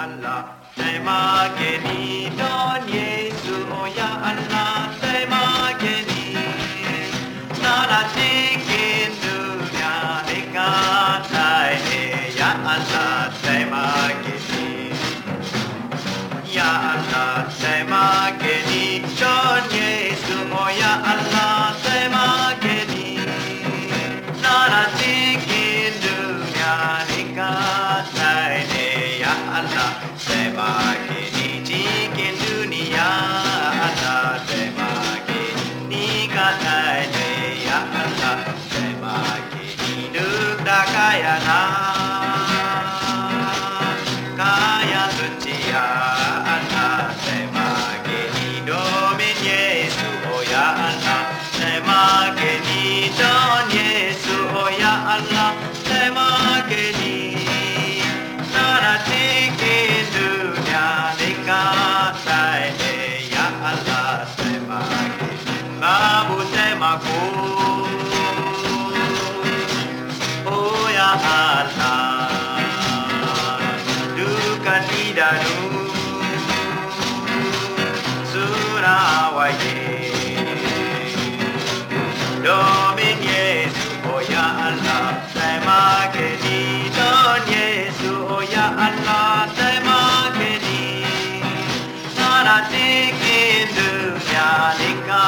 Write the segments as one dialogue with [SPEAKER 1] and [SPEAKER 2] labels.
[SPEAKER 1] Allah sai magani don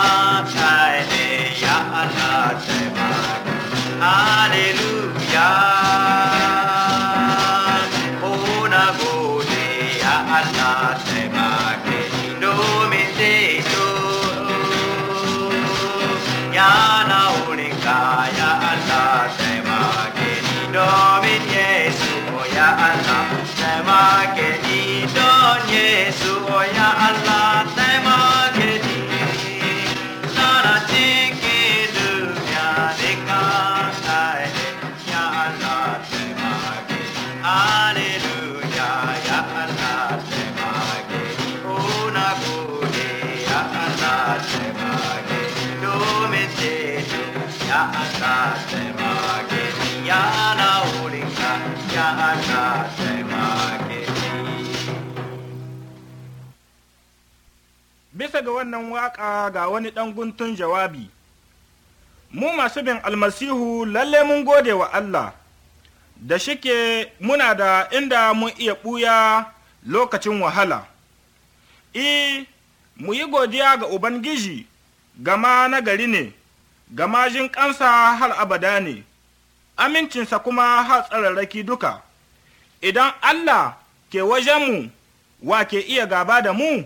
[SPEAKER 1] Stop
[SPEAKER 2] Bisa ga wannan waƙa ga wani ɗan guntun jawabi, mu masu bin almasihu lalle mun gode wa Allah, da shike muna da inda mun iya ɓuya lokacin wahala. e mu yi godiya ga Ubangiji, gama nagari ne, gama jin ƙansa har abada ne, amincinsa kuma har tsararraki duka. idan Allah ke wajenmu wa ke iya gaba da mu?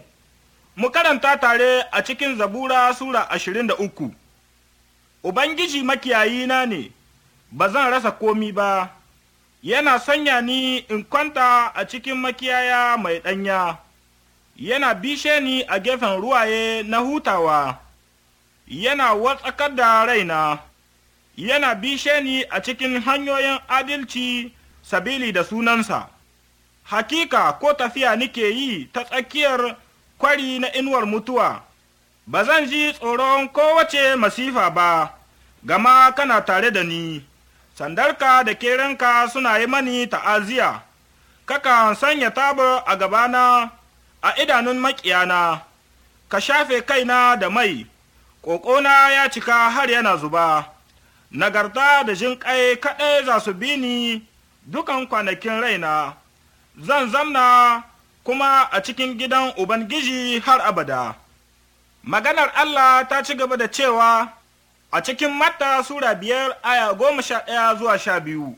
[SPEAKER 2] Mu karanta tare a cikin zabura Sura ashirin da uku, Ubangiji makiyayina ne, ba zan rasa komi ba, yana sanya ni in kwanta a cikin makiyaya mai ɗanya, yana bishe ni a gefen ruwaye na hutawa, yana watsakar da raina, yana bishe ni a cikin hanyoyin adalci sabili da sunansa hakika ko tafiya nike yi ta tsakiyar kwari na inuwar mutuwa ba zan ji tsoron kowace masifa ba gama kana tare da ni sandarka da kerenka suna yi mani ta'aziya kaka sanya tabar a gabana a idanun maƙiyana ka shafe kaina da mai ƙoƙona ya cika har yana zuba nagarta da jin ƙai kaɗai za su bi ni dukan kwanakin raina, zan zamna kuma a cikin gidan Ubangiji har abada. Maganar Allah ta ci gaba da cewa a cikin Matta Sura biyar aya goma sha ɗaya zuwa sha biyu,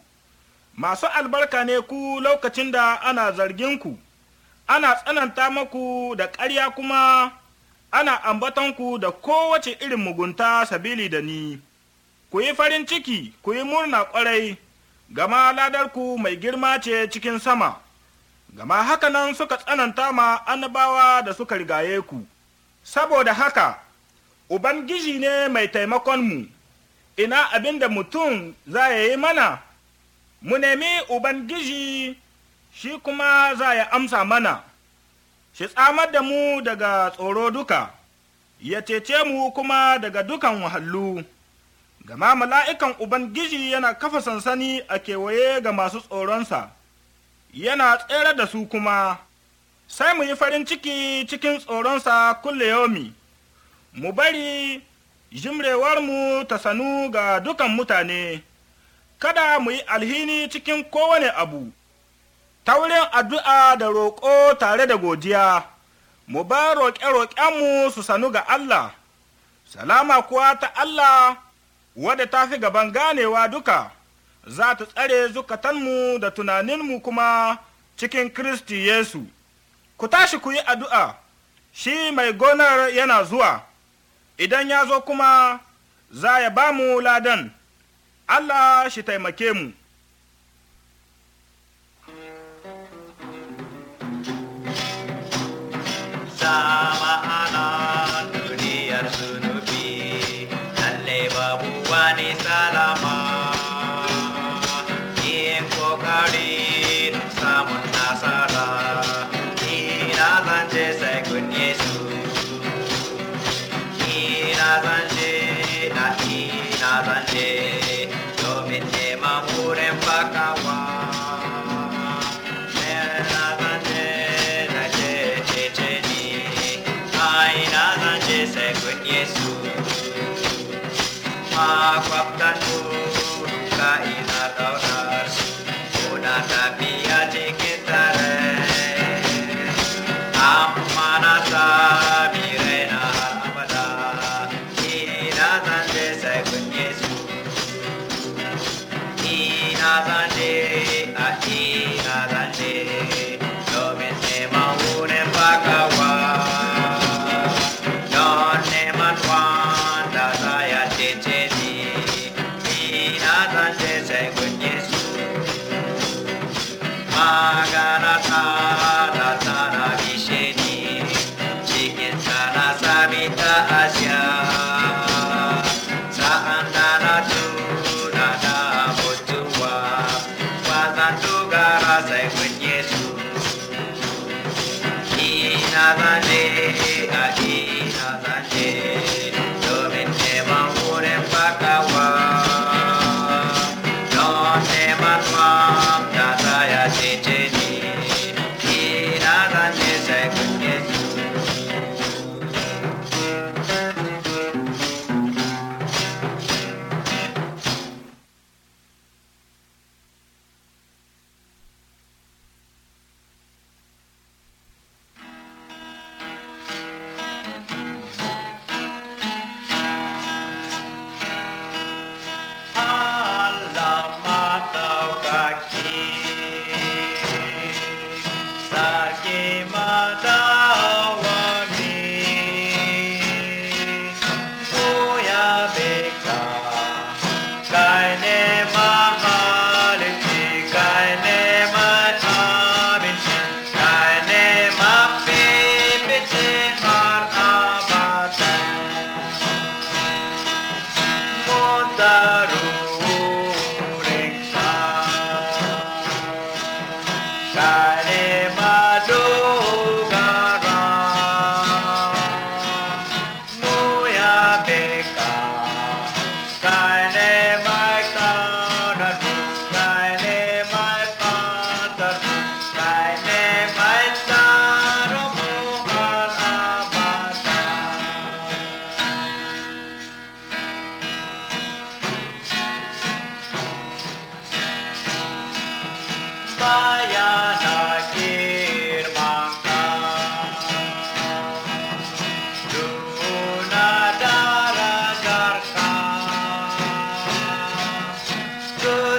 [SPEAKER 2] masu albarka ne ku lokacin da ana zargin ku, ana tsananta maku da ƙarya kuma ana ku da kowace irin mugunta sabili da ni, ku yi farin ciki, ku yi murna ƙwarai. gama ladarku mai girma ce cikin sama, gama haka nan suka tsananta ma annabawa da suka rigaye ku, saboda haka, Ubangiji ne mai taimakonmu, ina abin da mutum za ya yi mana, mu nemi Ubangiji shi kuma za ya amsa mana, shi tsamar da mu daga tsoro duka, ya cece mu kuma daga dukan wahallu. gama mala'ikan Ubangiji yana kafa sansani a kewaye ga masu tsoronsa, yana tsere da su kuma, sai mu yi farin ciki cikin tsoronsa kulle yomi, mu bari jimrewarmu ta sanu ga dukan mutane, kada mu yi alhini cikin kowane abu, ta wurin addu'a da roƙo tare da godiya, mu ba roƙe-roƙenmu su sanu ga Allah, salama kuwa ta Allah. wadda ta fi gaban ganewa duka, za ta tsare zukatanmu da tunaninmu kuma cikin Kiristi Yesu. Ku tashi ku yi addu'a, shi mai gonar yana zuwa, idan ya zo kuma za ya ba mu ladan, Allah shi taimake mu.
[SPEAKER 1] Sama ana Havana.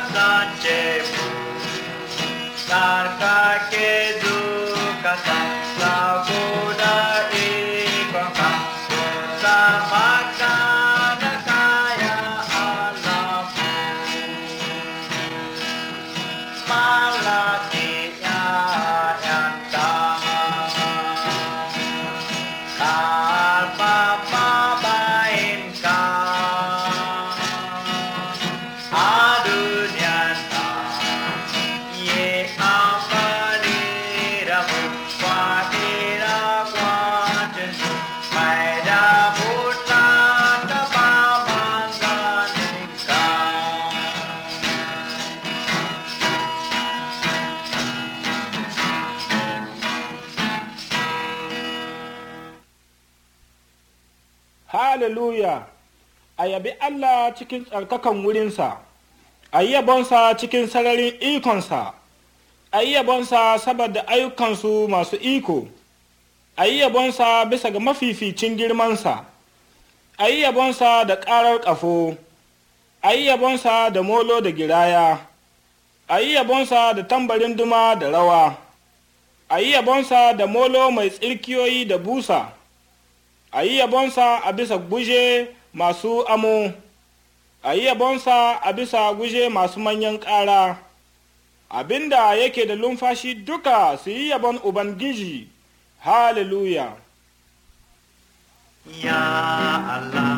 [SPEAKER 1] Sanche, Sarka Kedukatan.
[SPEAKER 2] haleluya a yabi Allah cikin tsarkakan wurinsa a yi yabonsa cikin sararin ikonsa a yi yabonsa saboda ayyukansu masu iko a yi yabonsa bisa ga mafificin girmansa a yi yabonsa da ƙarar ƙafo a yi yabonsa da molo da giraya a yi yabonsa da tambarin duma da rawa a yi yabonsa da molo mai tsirkiyoyi da busa a yi yabonsa a bisa guje masu amo a yi yabonsa a bisa guje masu manyan ƙara abinda yake da lumfashi duka su yi yabon ubangiji hallelujah
[SPEAKER 1] ya allah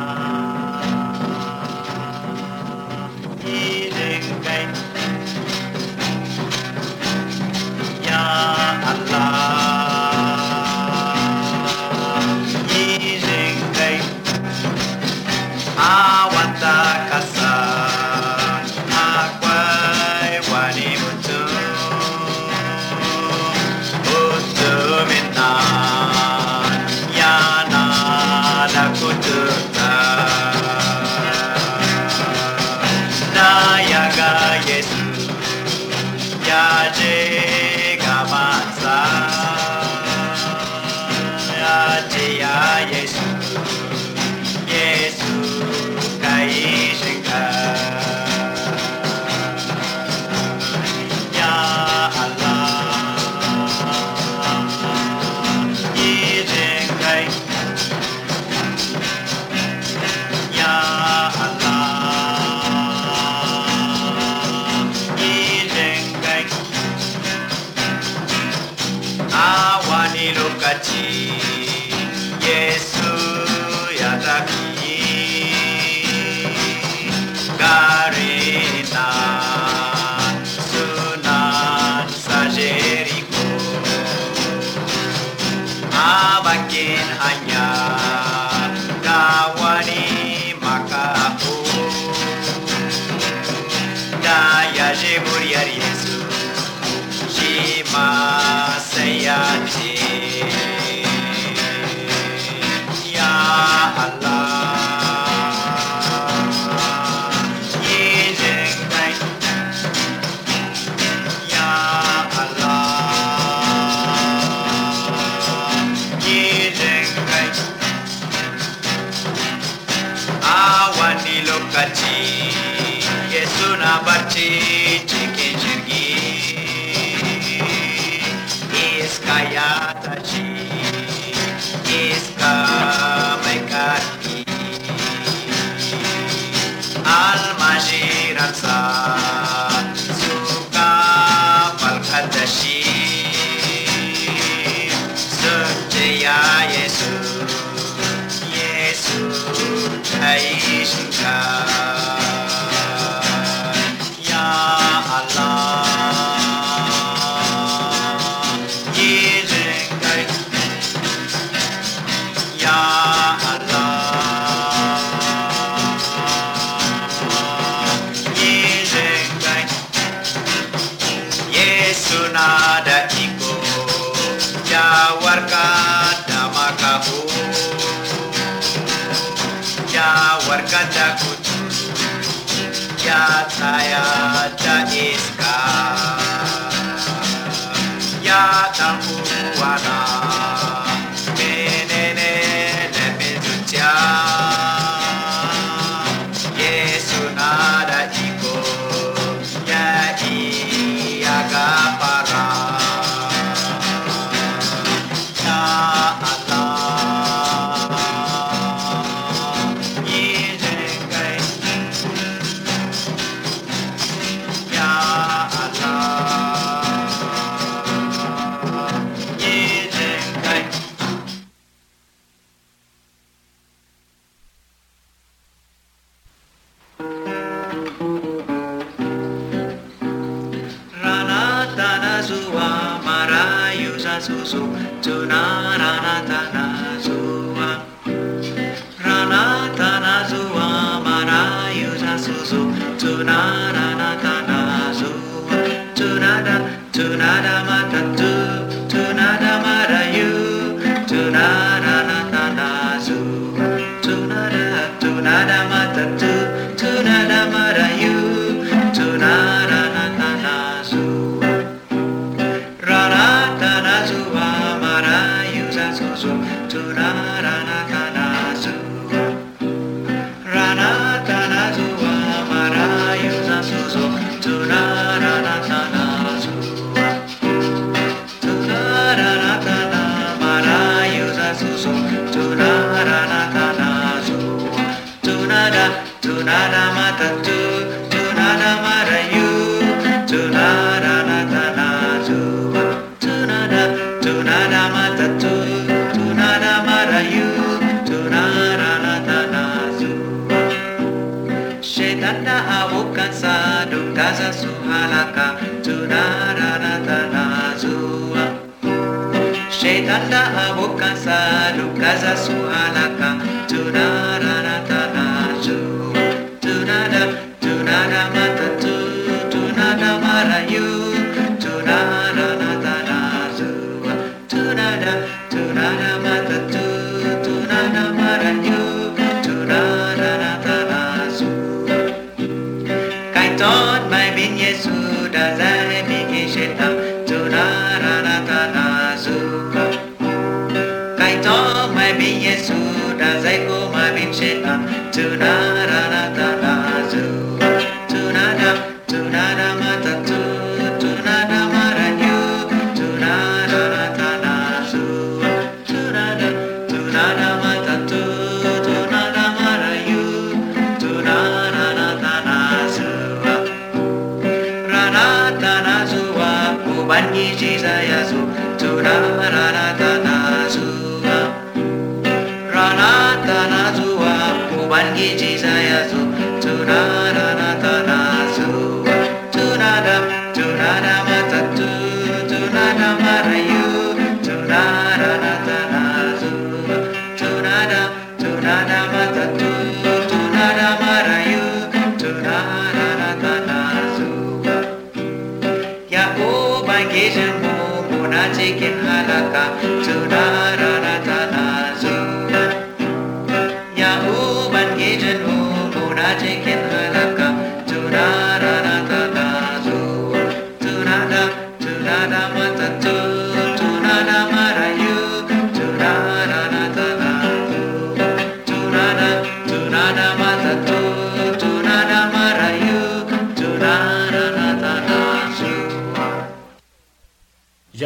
[SPEAKER 1] Krishna Yata Kuana tata awokasa dukaza suhalaka tunarararara zua she tata awokasa dukaza suhalaka tunarararara zua tunada tunada tonight.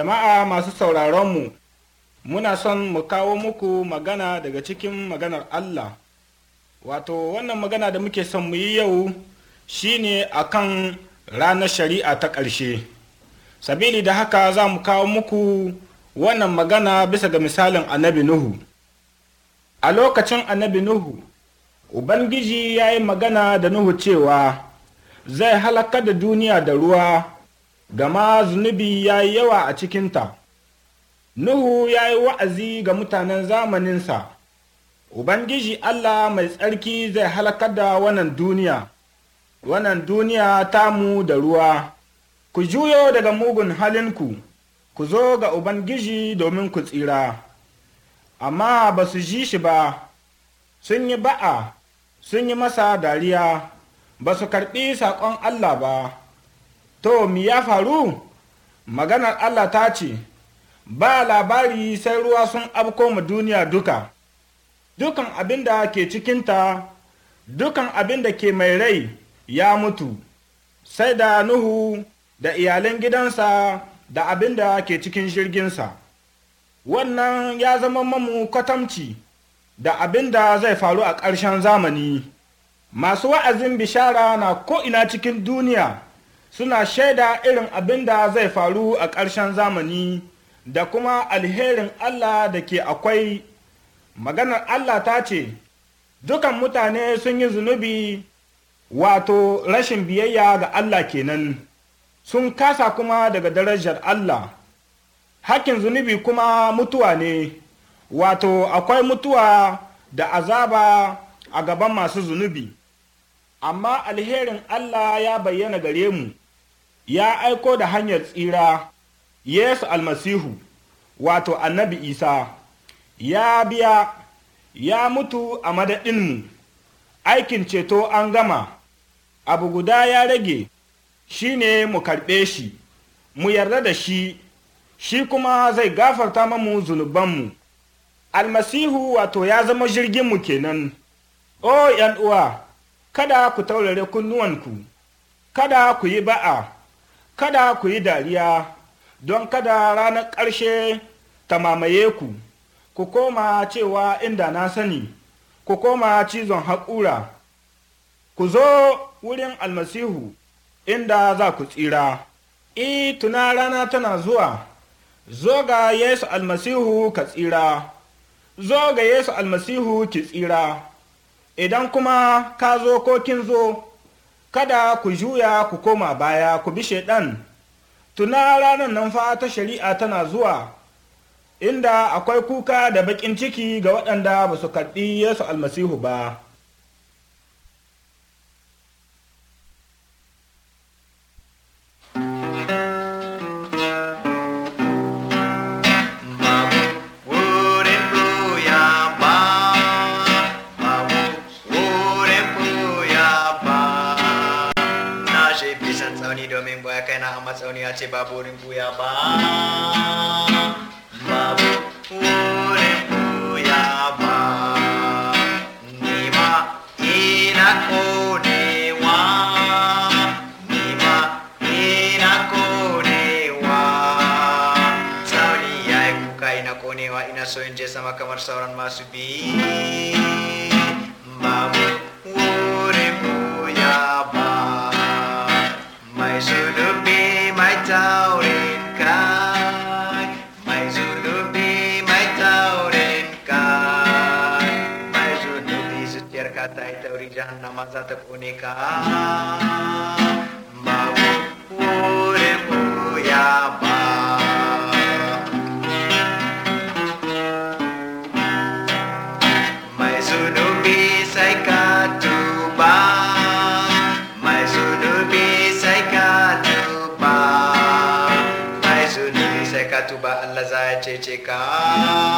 [SPEAKER 2] Jama'a masu sauraronmu, muna son mu kawo muku magana daga cikin maganar Allah. Wato, wannan magana da muke son mu yi yau shine ne a ranar shari'a ta ƙarshe. Sabili da haka za mu kawo muku wannan magana bisa ga misalin annabi Nuhu. A lokacin annabi Nuhu, Ubangiji ya yi magana da Nuhu cewa, Zai halakar da duniya da ruwa gama zunubi ya yi yawa a cikinta. Nuhu ya yi wa'azi ga mutanen zamaninsa, Ubangiji Allah mai tsarki zai halakar da wannan duniya, wannan duniya ta mu da ruwa, ku juyo daga mugun halinku, ku zo ga Ubangiji domin ku tsira. Amma ba su ji shi ba, sun yi ba'a, sun yi masa dariya, ba su karɓi saƙon Allah ba. to mi ya faru maganar allah ta ce ba labari sai ruwa sun afko mu duniya duka dukan abin da ke cikinta dukan abin da ke mai rai ya mutu sai da nuhu da iyalan gidansa da abin da ke cikin jirginsa wannan ya zama mamu kwatamci da abin da zai faru a ƙarshen zamani masu wa'azin bishara na ko'ina cikin duniya suna shaida irin abin da zai faru a ƙarshen zamani da kuma alherin Allah da ke akwai maganar Allah ta ce dukan mutane sun yi zunubi wato rashin biyayya ga Allah kenan sun kasa kuma daga darajar Allah hakkin zunubi kuma mutuwa ne wato akwai mutuwa da azaba a gaban masu zunubi amma alherin Allah ya bayyana gare mu ya aiko da hanyar tsira Yesu almasihu wato annabi Isa ya biya ya mutu a madadinmu aikin ceto an gama abu guda ya rage shi ne mu karɓe shi mu yarda da shi shi kuma zai gafarta mamu zunubanmu almasihu wato ya zama jirginmu kenan o uwa kada ku taurare kunnuwanku kada ku yi ba'a kada ku yi dariya don kada ranar ƙarshe ta mamaye ku ku koma cewa inda na sani ku koma cizon haƙura ku zo wurin almasihu inda za ku tsira i tuna rana tana zuwa zo ga yesu almasihu ka tsira zo ga yesu almasihu ki tsira idan kuma ka zo ko kin zo kada ku juya ku koma baya ku bi shaiɗan tuna ranar nan fa ta shari'a tana zuwa inda akwai kuka da baƙin ciki ga waɗanda ba su karɓi yesu almasihu ba
[SPEAKER 1] kaina amat sauni ace babu rin puya ba babu urin puya ba ni ma ina ko ne wa ni ma ina ko ne wa sauni ai ku kaina ko ne wa ina so inje sama kamar sauran masubi, bi babu can namazat punika Allah Zai Chichika Allah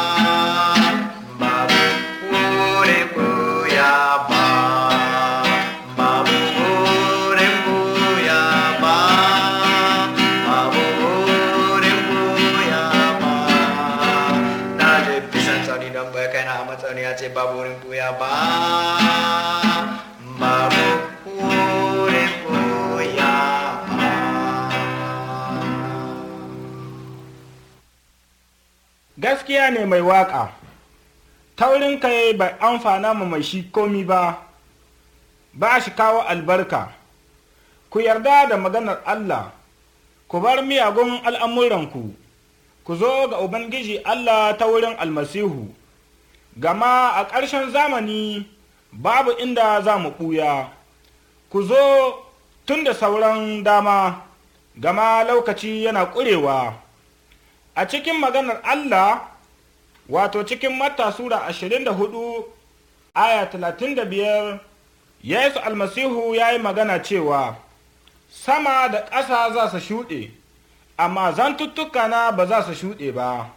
[SPEAKER 1] Zai Chichika
[SPEAKER 2] mai waƙa taurin kai bai amfana ma mai shi komi ba ba shi kawo albarka ku yarda da maganar Allah ku bar miyagun al'amuranku ku zo ga Ubangiji Allah ta wurin almasihu gama a ƙarshen zamani babu inda za mu ɓuya ku zo tun da sauran dama gama lokaci yana ƙurewa a cikin maganar Allah wato cikin matta sura ashirin da hudu aya talatin da biyar yesu almasihu ya yi magana cewa sama da ƙasa za su shuɗe amma zantuttuka na ba za su shuɗe ba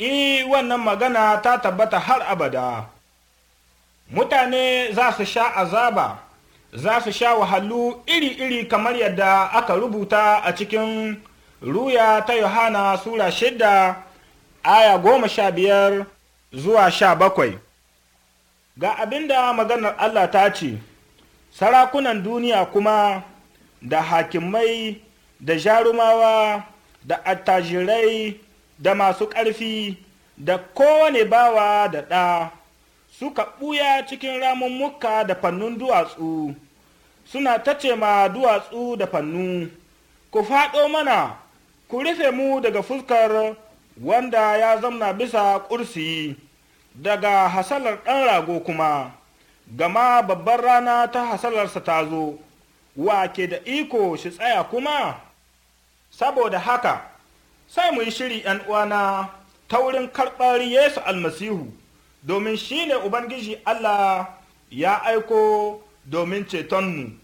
[SPEAKER 2] i wannan magana ta tabbata har abada mutane za su sha azaba za su sha wahalu iri-iri kamar yadda aka rubuta a cikin ruya ta yohana sura shidda aya goma sha biyar zuwa sha bakwai ga abinda maganar Allah ta ce sarakunan duniya kuma da hakimai da jarumawa da attajirai da masu ƙarfi da kowane bawa da ɗa suka ɓuya cikin ramummuka da fannun duwatsu suna ta ce ma duwatsu da fannu ku faɗo mana ku rufe mu daga fuskar wanda ya zamna bisa ƙursi daga hasalar ɗan rago kuma gama babbar rana ta hasalarsa ta zo wa ke da iko shi tsaya kuma saboda haka sai mu yi shiri uwana ta wurin karɓar yesu almasihu domin shi ne ubangiji allah ya aiko domin cetonmu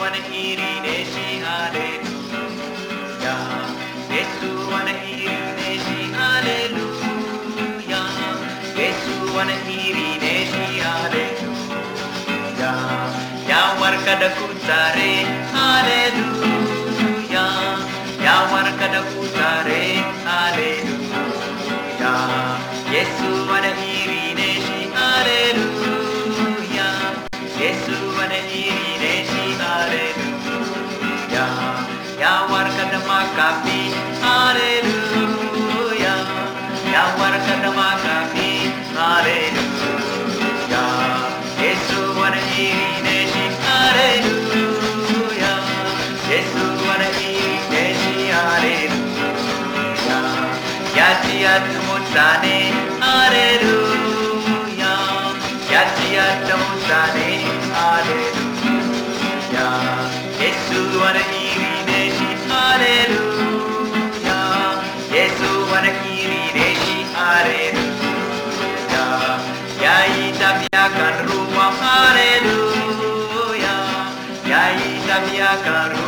[SPEAKER 1] wani iri ne shi haleluya Yesu wani iri ne warka da kutare Ya warka da kutare Kapi, hallelujah. Yawarakatamakapi, hallelujah. Yesu wanahiri deshi, hallelujah. Yesu wanahiri hallelujah. hallelujah. hallelujah. Yesu aleluya, ya está mi karua.